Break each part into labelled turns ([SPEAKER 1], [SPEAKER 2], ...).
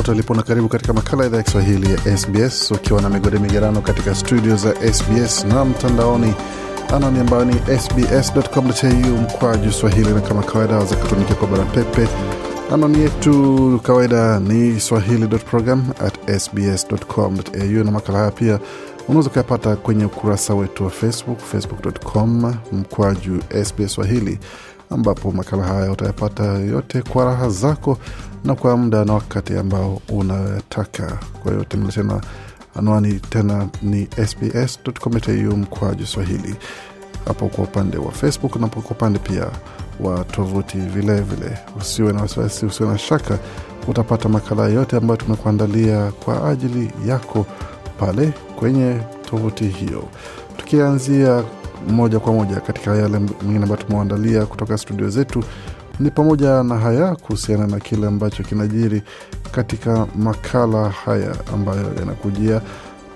[SPEAKER 1] popote ulipo na karibu katika makala idhaa ya kiswahili ya sbs ukiwa na migode migerano katika studio za sbs na mtandaoni anani ambayo ni sbscomau mkwaju swahili na kama kawaida waza kutumikia kwa bara pepe anani yetu kawaida ni swahili.program na makala haya pia unaweza ukayapata kwenye ukurasa wetu wa facebook facebook.com mkwaju sbs swahili ambapo makala haya utayapata yote kwa raha zako na kwa muda na wakati ambao unataka. Kwa hiyo tembele tena anwani tena ni sbs.com.au mkwaju Swahili hapo kwa upande wa Facebook na kwa upande pia wa tovuti vilevile. Usiwe na wasiwasi, usiwe na shaka, utapata makala yote ambayo tumekuandalia kwa ajili yako pale kwenye tovuti hiyo, tukianzia moja kwa moja katika yale mengine ambayo tumewaandalia kutoka studio zetu ni pamoja na haya kuhusiana na kile ambacho kinajiri katika makala haya ambayo yanakujia.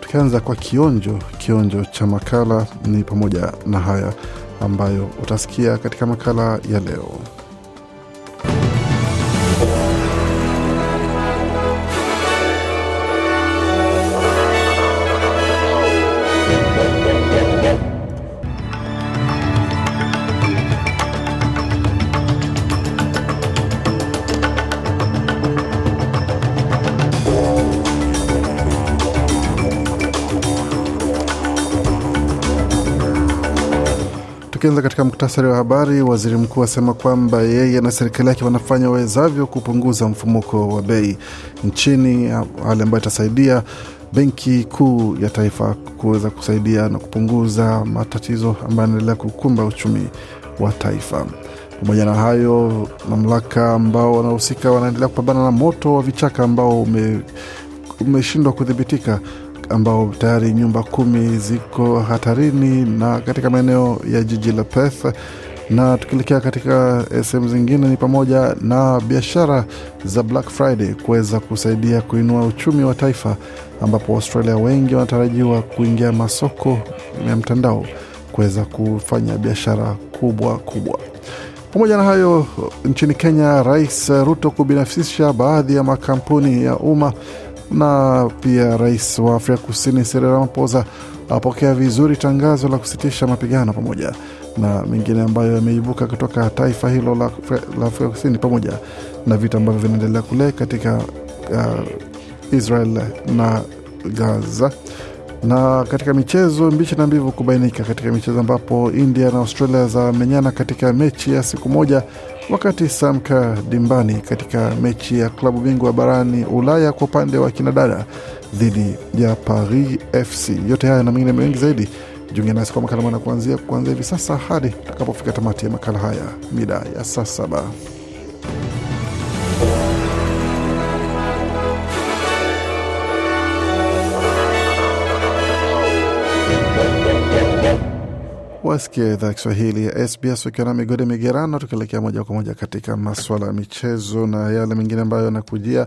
[SPEAKER 1] Tukianza kwa kionjo, kionjo cha makala ni pamoja na haya ambayo utasikia katika makala ya leo. Tukianza katika muktasari wa habari, waziri mkuu asema kwamba yeye na serikali yake wanafanya wawezavyo kupunguza mfumuko wa bei nchini, hali ambayo itasaidia benki kuu ya taifa kuweza kusaidia na kupunguza matatizo ambayo yanaendelea kukumba uchumi wa taifa. Pamoja na hayo, mamlaka ambao wanahusika wanaendelea kupambana na moto wa vichaka ambao umeshindwa ume kudhibitika ambao tayari nyumba kumi ziko hatarini na katika maeneo ya jiji la Perth na tukielekea katika eh, sehemu zingine ni pamoja na biashara za Black Friday kuweza kusaidia kuinua uchumi wa taifa, ambapo Waustralia wengi wanatarajiwa kuingia masoko ya mtandao kuweza kufanya biashara kubwa kubwa. Pamoja na hayo, nchini Kenya, Rais Ruto kubinafsisha baadhi ya makampuni ya umma na pia rais wa Afrika Kusini Cyril Ramaphosa apokea vizuri tangazo la kusitisha mapigano pamoja na mengine ambayo yameibuka kutoka taifa hilo la, la Afrika Kusini pamoja na vita ambavyo vinaendelea kule katika uh, Israel na Gaza. Na katika michezo mbichi na mbivu kubainika katika michezo ambapo India na Australia zamenyana katika mechi ya siku moja, wakati Samka dimbani katika mechi ya klabu bingwa barani Ulaya kwa upande wa kinadada dhidi ya Paris FC. Yote haya na mengine mengi zaidi, junge nasi kwa makala mana kuanzia kuanzia hivi sasa hadi takapofika tamati ya makala haya mida ya saa saba. wasikia idhaa ya Kiswahili ya SBS ukiwa na migode migerano, tukielekea moja kwa moja katika maswala ya michezo na yale mengine ambayo yanakujia.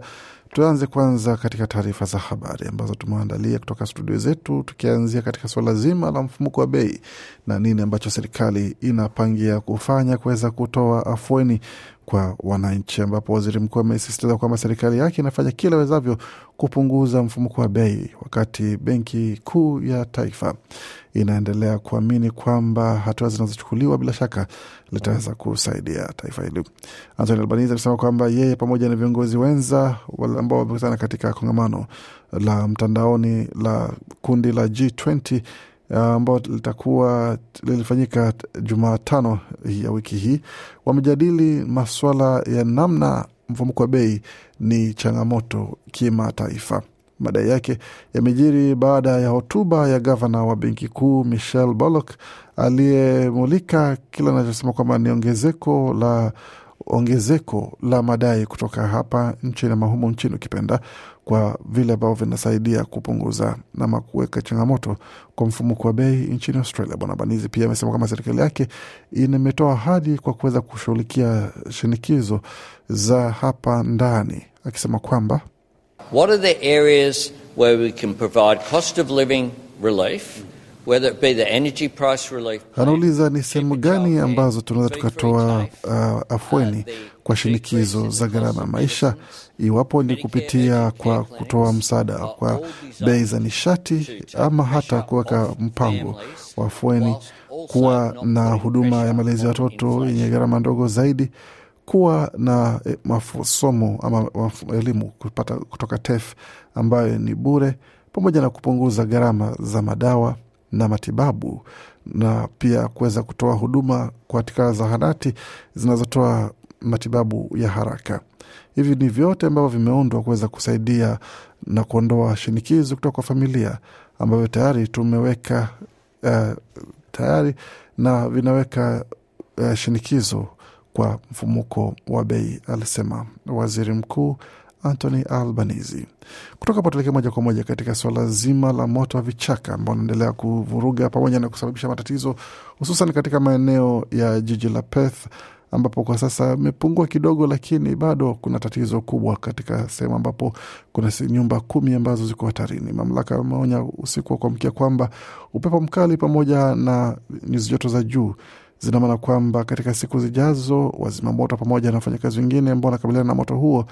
[SPEAKER 1] Tuanze kwanza katika taarifa za habari ambazo tumeandalia kutoka studio zetu, tukianzia katika suala zima la mfumuko wa bei na nini ambacho serikali inapangia kufanya kuweza kutoa afueni kwa wananchi, ambapo waziri mkuu amesisitiza kwamba serikali yake inafanya kila wezavyo kupunguza mfumuko wa bei, wakati benki kuu ya taifa inaendelea kuamini kwamba hatua zinazochukuliwa bila shaka litaweza kusaidia taifa hili. Anthony Albanese alisema kwamba yeye pamoja na viongozi wenza ambao wamekutana katika kongamano la mtandaoni la kundi la G20 Ah, ambao litakuwa lilifanyika Jumatano ya wiki hii, wamejadili maswala ya namna mfumuko wa bei ni changamoto kimataifa. Madai yake yamejiri baada ya hotuba ya gavana wa benki kuu Michelle Bullock aliyemulika kile anachosema kwamba ni ongezeko la ongezeko la madai kutoka hapa nchini na mahumu nchini ukipenda, kwa vile ambavyo vinasaidia kupunguza nama kuweka changamoto kwa mfumuko wa bei nchini Australia. Bwana Banizi pia amesema kwamba serikali yake imetoa ahadi kwa kuweza kushughulikia shinikizo za hapa ndani, akisema kwamba What are the areas where we can provide cost of living relief? Anauliza ni sehemu gani ambazo tunaweza tukatoa uh, uh, afueni kwa shinikizo za gharama ya maisha, iwapo ni kupitia kwa kutoa msaada uh, kwa bei za nishati ama hata kuweka mpango wa afueni, kuwa na huduma ya malezi ya watoto yenye gharama ndogo zaidi, kuwa na eh, masomo ama elimu kupata kutoka TEF ambayo ni bure, pamoja na kupunguza gharama za madawa na matibabu na pia kuweza kutoa huduma katika zahanati zinazotoa matibabu ya haraka. Hivi ni vyote ambavyo vimeundwa kuweza kusaidia na kuondoa shinikizo kutoka kwa familia ambavyo tayari tumeweka uh, tayari na vinaweka uh, shinikizo kwa mfumuko wa bei, alisema waziri mkuu Anthony Albanese. Kutoka hapo tuelekee moja kwa moja katika suala zima la moto wa vichaka ambao unaendelea kuvuruga pamoja na kusababisha matatizo hususan katika maeneo ya jiji la Perth ambapo kwa sasa imepungua kidogo, lakini bado kuna tatizo kubwa katika sehemu ambapo kuna nyumba kumi ambazo ziko hatarini. Mamlaka ameonya usiku wa kuamkia kwamba upepo mkali pamoja na nyuzi joto za juu zina maana kwamba katika siku zijazo, wazima moto pamoja na wafanyakazi wengine ambao wanakabiliana na moto huo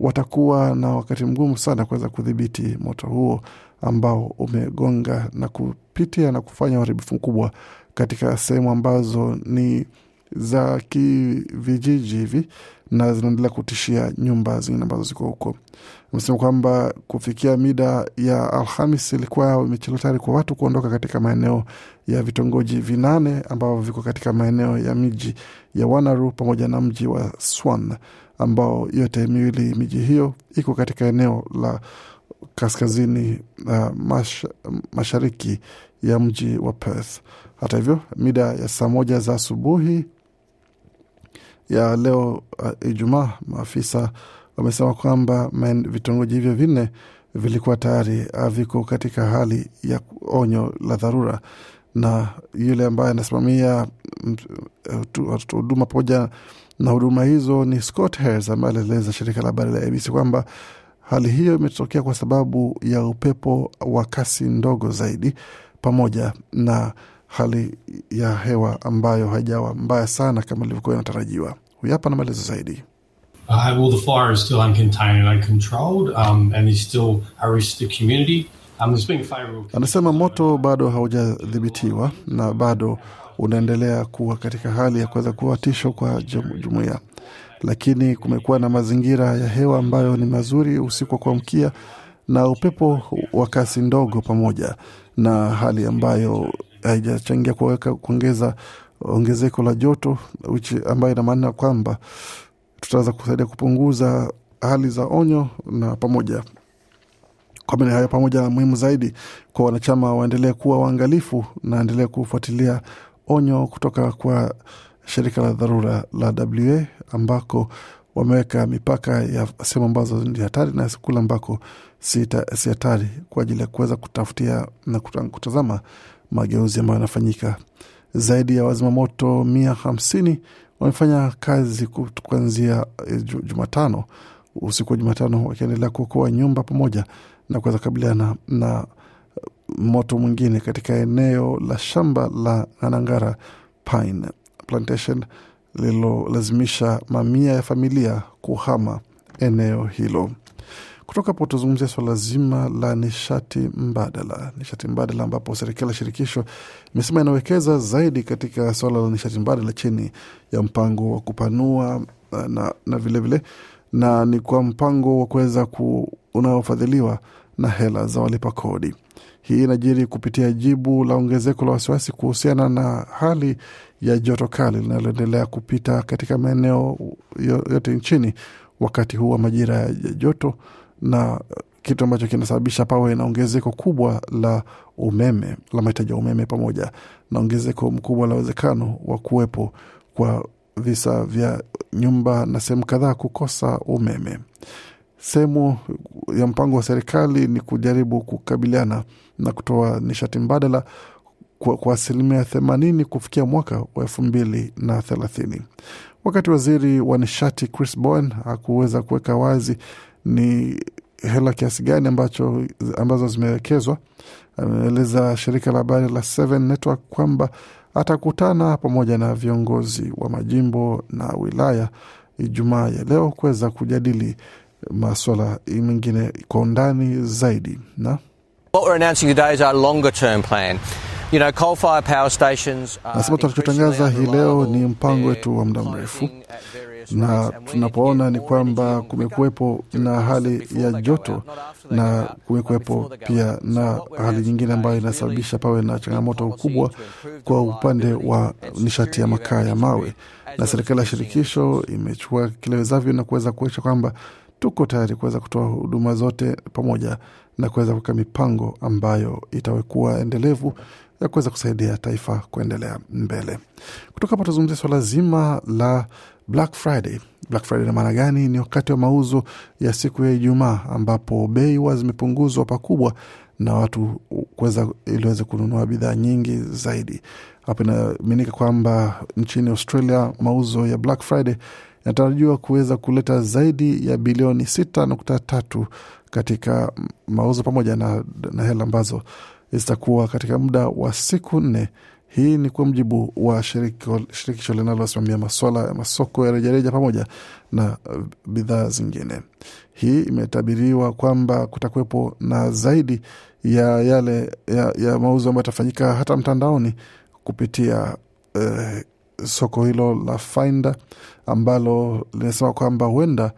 [SPEAKER 1] watakuwa na wakati mgumu sana kuweza kudhibiti moto huo ambao umegonga na kupitia na kufanya uharibifu mkubwa katika sehemu ambazo ni za kivijiji hivi na zinaendelea kutishia nyumba zingine ambazo ziko huko. Amesema kwamba kufikia mida ya Alhamis ilikuwa imechelewa tayari kwa watu kuondoka katika maeneo ya vitongoji vinane ambavyo viko katika maeneo ya miji ya Wanaru pamoja na mji wa Swan ambao yote miwili miji hiyo iko katika eneo la kaskazini uh, mash, mashariki ya mji wa Perth. Hata hivyo, mida ya saa moja za asubuhi ya leo uh, Ijumaa, maafisa wamesema kwamba vitongoji hivyo vinne vilikuwa tayari uh, viko katika hali ya onyo la dharura, na yule ambaye anasimamia uh, uh, huduma pamoja na huduma hizo ni Scott Harris ambaye alieleza shirika la habari la ABC kwamba hali hiyo imetokea kwa sababu ya upepo wa kasi ndogo zaidi pamoja na hali ya hewa ambayo haijawa mbaya sana kama ilivyokuwa inatarajiwa. Huyu hapa na maelezo zaidi. Uh, well, the fire is still uncontained and uncontrolled, um, and is still a risk to the community. Um, Anasema moto bado haujadhibitiwa na bado unaendelea kuwa katika hali ya kuweza kuwa tisho kwa jumuia lakini kumekuwa na mazingira ya hewa ambayo ni mazuri usiku wa kuamkia na upepo wa kasi ndogo pamoja na hali ambayo haijachangia kuweka kuongeza ongezeko la joto uchi, ambayo ina maana kwamba tutaweza kusaidia kupunguza hali za onyo na pamoja kwa mene hayo pamoja, muhimu zaidi kwa wanachama waendelee kuwa waangalifu na endelee kufuatilia onyo kutoka kwa shirika la dharura la WA ambako wameweka mipaka ya sehemu ambazo ni hatari na kule ambako si hatari kwa ajili ya kuweza kutafutia na kutazama mageuzi ambayo yanafanyika. Zaidi ya wazimamoto mia hamsini wamefanya kazi kuanzia e, Jumatano usiku wa Jumatano, wakiendelea kuokoa nyumba pamoja na kuweza kukabiliana na moto mwingine katika eneo la shamba la Nanangara Pine Plantation lililolazimisha mamia ya familia kuhama eneo hilo. Kutoka hapo tuzungumzia swala zima la nishati mbadala. Nishati mbadala ambapo serikali ya shirikisho imesema inawekeza zaidi katika swala la nishati mbadala chini ya mpango wa kupanua eh, na, na vilevile na ni kwa mpango wa kuweza ku, unaofadhiliwa na hela za walipa kodi. Hii inajiri kupitia jibu la ongezeko la wasiwasi kuhusiana na hali ya joto kali linaloendelea kupita katika maeneo yote nchini wakati huu wa majira ya joto, na kitu ambacho kinasababisha pawe na ongezeko kubwa la umeme la mahitaji ya umeme pamoja na ongezeko mkubwa la uwezekano wa kuwepo kwa visa vya nyumba na sehemu kadhaa kukosa umeme sehemu ya mpango wa serikali ni kujaribu kukabiliana na kutoa nishati mbadala kwa, kwa asilimia themanini kufikia mwaka wa elfu mbili na thelathini. Wakati waziri wa nishati Chris Bowen hakuweza kuweka wazi ni hela kiasi gani ambacho ambazo zimewekezwa, ameeleza shirika la habari la Seven Network kwamba atakutana pamoja na viongozi wa majimbo na wilaya Ijumaa ya leo kuweza kujadili maswala mengine kwa undani zaidi na You know, coal power stations nasema tunachotangaza hii leo ni mpango wetu wa muda mrefu, na tunapoona ni kwamba kumekuwepo na hali ya joto na kumekuwepo pia na hali nyingine ambayo inasababisha pawe na changamoto kubwa kwa upande wa nishati ya makaa ya mawe, na serikali ya shirikisho imechukua kilewezavyo na kuweza kuonyesha kwamba tuko tayari kuweza kutoa huduma zote pamoja na kuweza kuweka mipango ambayo itakuwa endelevu ya kuweza kusaidia taifa kuendelea mbele. Kutoka hapa tuzungumzia swala zima la Black Friday. Black Friday na maana gani? Ni wakati wa mauzo ya siku ya Ijumaa ambapo bei huwa zimepunguzwa pakubwa na watu kuweza ili waweze kununua bidhaa nyingi zaidi. Hapo inaaminika kwamba nchini Australia mauzo ya Black Friday inatarajiwa kuweza kuleta zaidi ya bilioni nukta tatu katika mauzo pamoja na, na hela ambazo zitakuwa katika muda wa siku nne. Hii ni kwa mjibu wa shirikisho linalosimamia maswala ya masoko ya rejareja pamoja na uh, bidhaa zingine. Hii imetabiriwa kwamba kutakuwepo na zaidi ya yale ya, ya mauzo ambayo yatafanyika hata mtandaoni kupitia eh, soko hilo la Fainda ambalo linasema kwamba huenda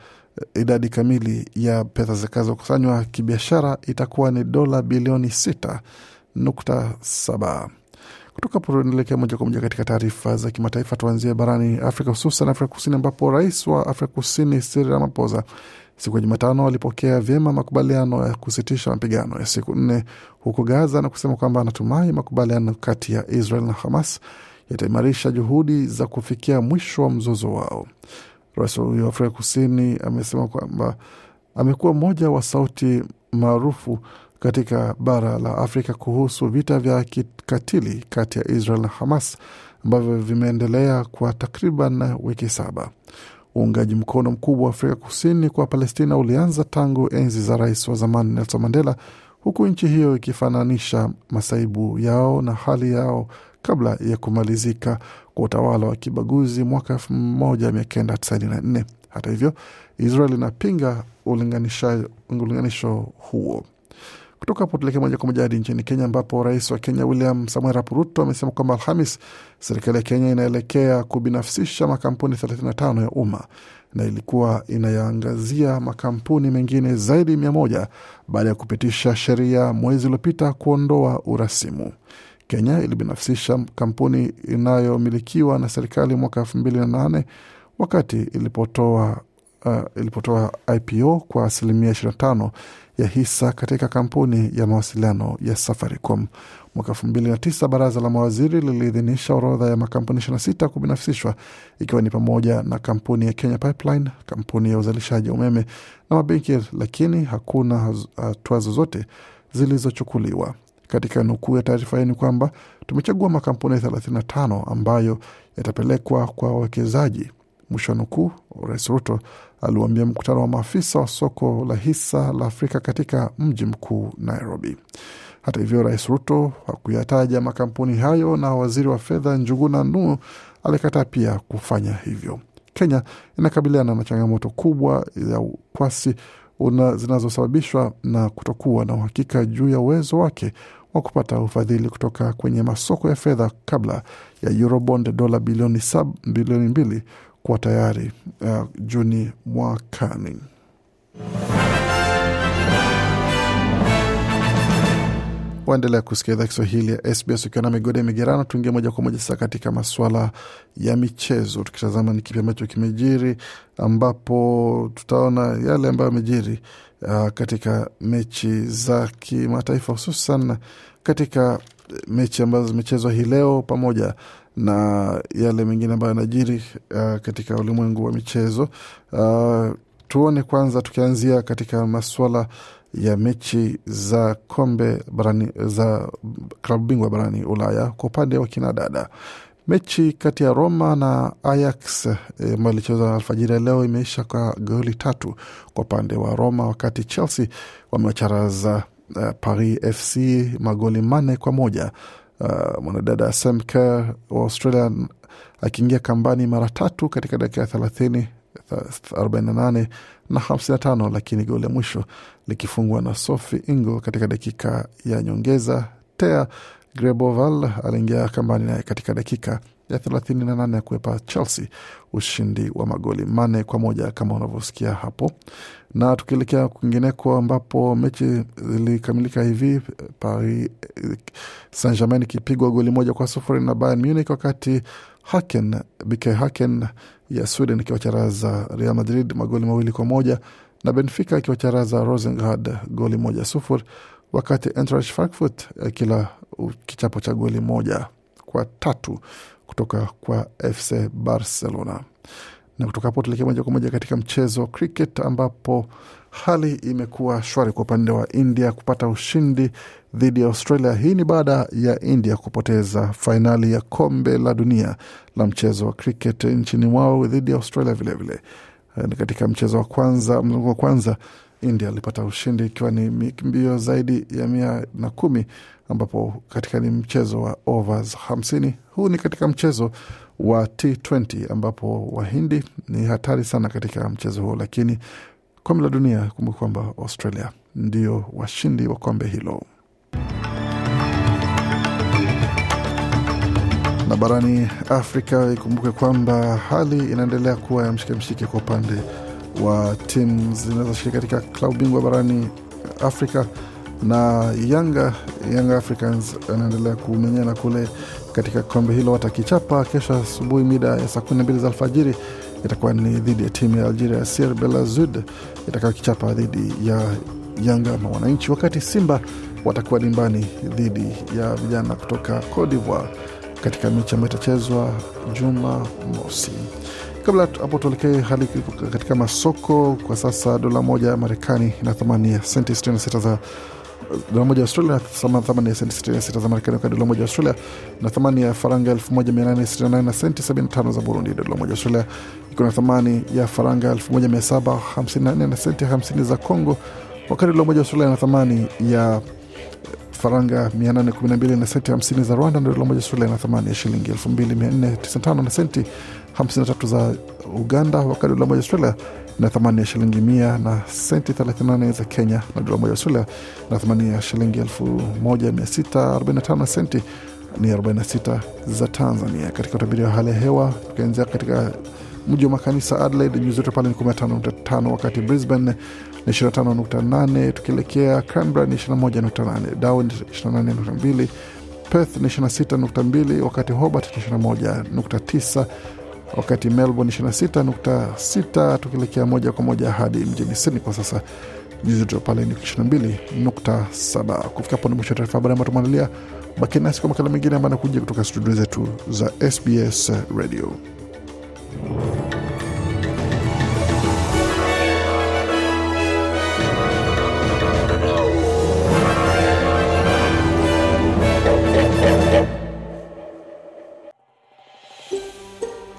[SPEAKER 1] eh, idadi kamili ya pesa zikazokusanywa kibiashara itakuwa ni dola bilioni sita nukta saba. Kutoka po tunaelekea moja kwa moja katika taarifa za kimataifa. Tuanzie barani Afrika, hususan Afrika Kusini, ambapo rais wa Afrika Kusini Cyril Ramaphosa siku ya Jumatano alipokea vyema makubaliano ya kusitisha mapigano ya siku nne huko Gaza na kusema kwamba anatumai makubaliano kati ya Israel na Hamas yataimarisha juhudi za kufikia mwisho wa mzozo wao. Rais huyo wa Afrika Kusini amesema kwamba amekuwa mmoja wa sauti maarufu katika bara la Afrika kuhusu vita vya kikatili kati ya Israel na Hamas ambavyo vimeendelea kwa takriban wiki saba. Uungaji mkono mkubwa wa Afrika Kusini kwa Palestina ulianza tangu enzi za rais wa zamani Nelson Mandela, huku nchi hiyo ikifananisha masaibu yao na hali yao kabla ya kumalizika kwa utawala wa kibaguzi mwaka 1994. Hata hivyo, Israel inapinga ulinganisho huo. Kutoka hapo tuelekee moja kwa moja hadi nchini Kenya, ambapo rais wa Kenya William Samoei Arap Ruto amesema kwamba Alhamis serikali ya Kenya inaelekea kubinafsisha makampuni 35 ya umma na ilikuwa inayaangazia makampuni mengine zaidi mia moja baada ya kupitisha sheria mwezi uliopita kuondoa urasimu. Kenya ilibinafsisha kampuni inayomilikiwa na serikali mwaka nane wakati ilipotoa uh, ilipotoa IPO kwa asilimia 25 ya hisa katika kampuni ya mawasiliano ya Safaricom. Mwaka tisa baraza la mawaziri liliidhinisha orodha ya makampuni 26 kubinafsishwa ikiwa ni pamoja na kampuni ya Kenya Pipeline, kampuni ya uzalishaji wa umeme na mabenki, lakini hakuna hatua zozote zilizochukuliwa. Katika nukuu ya taarifa hii ni kwamba tumechagua makampuni 35 ambayo yatapelekwa kwa wawekezaji, mwisho wa nukuu. Rais Ruto aliwaambia mkutano wa maafisa wa soko la hisa la Afrika katika mji mkuu Nairobi. Hata hivyo, Rais Ruto hakuyataja makampuni hayo na waziri wa fedha Njuguna Ndung'u alikataa pia kufanya hivyo. Kenya inakabiliana na changamoto kubwa ya ukwasi zinazosababishwa na kutokuwa na uhakika juu ya uwezo wake wa kupata ufadhili kutoka kwenye masoko ya fedha kabla ya Eurobond dola bilioni bilioni mbili kuwa tayari uh, Juni mwakani. Waendelea kusikia idhaa Kiswahili ya SBS ukiwa na migode migerano. Tuingie moja kwa moja sasa katika maswala ya michezo, tukitazama ni kipi ambacho kimejiri, ambapo tutaona yale ambayo yamejiri uh, katika mechi za kimataifa hususan katika mechi ambazo zimechezwa hii leo pamoja na yale mengine ambayo yanajiri uh, katika ulimwengu wa michezo uh, tuone kwanza, tukianzia katika masuala ya mechi za kombe barani, za klabu bingwa barani Ulaya kwa upande wa kinadada Mechi kati ya Roma na Ajax eh, ambayo ilichezwa alfajiri ya leo imeisha kwa goli tatu kwa upande wa Roma, wakati Chelsea wamewacharaza uh, Paris FC magoli manne kwa moja. Uh, mwanadada Sam Kerr wa Australia akiingia kambani mara tatu katika dakika ya thelathini 48 na 55, lakini goli la mwisho likifungwa na Sophie Ingle katika dakika ya nyongeza. Tea Greboval aliingia kambani naye katika dakika ya 38 ya kuwepa Chelsea ushindi wa magoli manne kwa moja kama unavyosikia hapo. Na tukielekea kwingineko ambapo mechi zilikamilika hivi, Paris Saint Germain ikipigwa goli moja kwa sufuri na Bayern Munich, wakati Haken BK Haken ya Sweden ikiwacharaza Real Madrid magoli mawili kwa moja na Benfica ikiwacharaza Rosengard goli moja sufuri wakati Eintracht Frankfurt eh, kila kichapo cha goli moja kwa tatu kutoka kwa FC Barcelona. Na kutoka hapo tuelekea moja kwa moja katika mchezo wa cricket ambapo hali imekuwa shwari kwa upande wa India kupata ushindi dhidi ya Australia. Hii ni baada ya India kupoteza fainali ya kombe la dunia la mchezo wa cricket nchini mwao dhidi ya Australia vilevile vile. Eh, katika mchezo wa kwanza mzunguko wa kwanza India alipata ushindi ikiwa ni mbio zaidi ya mia na kumi ambapo katika ni mchezo wa overs hamsini. Huu ni katika mchezo wa T20 ambapo Wahindi ni hatari sana katika mchezo huo, lakini kombe la dunia, kumbuka kwamba Australia ndio washindi wa kombe hilo. na barani Afrika ikumbuke kwamba hali inaendelea kuwa ya mshike mshike kwa upande wa timu zinazoshiriki katika klabu bingwa barani Afrika na Yanga, Yanga Africans anaendelea kumenyana kule katika kombe hilo. Watakichapa kesho asubuhi mida ya saa kumi na mbili za alfajiri itakuwa ni dhidi ya timu ya Algeria CR Belazud itakayokichapa dhidi ya Yanga na Wananchi, wakati Simba watakuwa dimbani dhidi ya vijana kutoka Cote d'Ivoire katika mechi ambayo itachezwa Juma mosi. Kabla hapo tuelekee hali katika masoko kwa sasa, dola moja ya Marekani ina thamani ya senti 66 za dola moja ya Australia na thamani ya senti 66 za Marekani, wakati dola moja ya Australia na thamani ya faranga 1868 na senti 75 za Burundi. Dola moja ya Australia iko na thamani ya faranga 1754 na senti 50 za Congo, wakati dola moja ya Australia na thamani ya faranga 812 na senti 50 za Rwanda, na dola moja Australia na thamani ya shilingi 2495 na senti 53 za Uganda, wakati dola moja Australia na thamani ya shilingi mia na senti 38 za Kenya, na dola moja Australia na thamani ya shilingi 1645 senti ni 46 za Tanzania. Katika utabiri wa hali ya hewa, tukianzia katika mji wa makanisa Adelaide, nyuzi joto pale ni 15.5, wakati Brisbane ni 25.8, tukielekea Canberra ni 21.8, Darwin 28.2, Perth ni 26.2, wakati Hobart ni 21.9 wakati Melbourne 26.6, tukielekea moja kwa moja hadi mjini Sydney kwa sasa nyuzi joto pale ni 22.7. Kufika hapo ni mwisho wa taarifa habari ambayo tumeandalia. Baki nasi kwa makala mengine ambayo anakuja kutoka studio zetu za SBS Radio.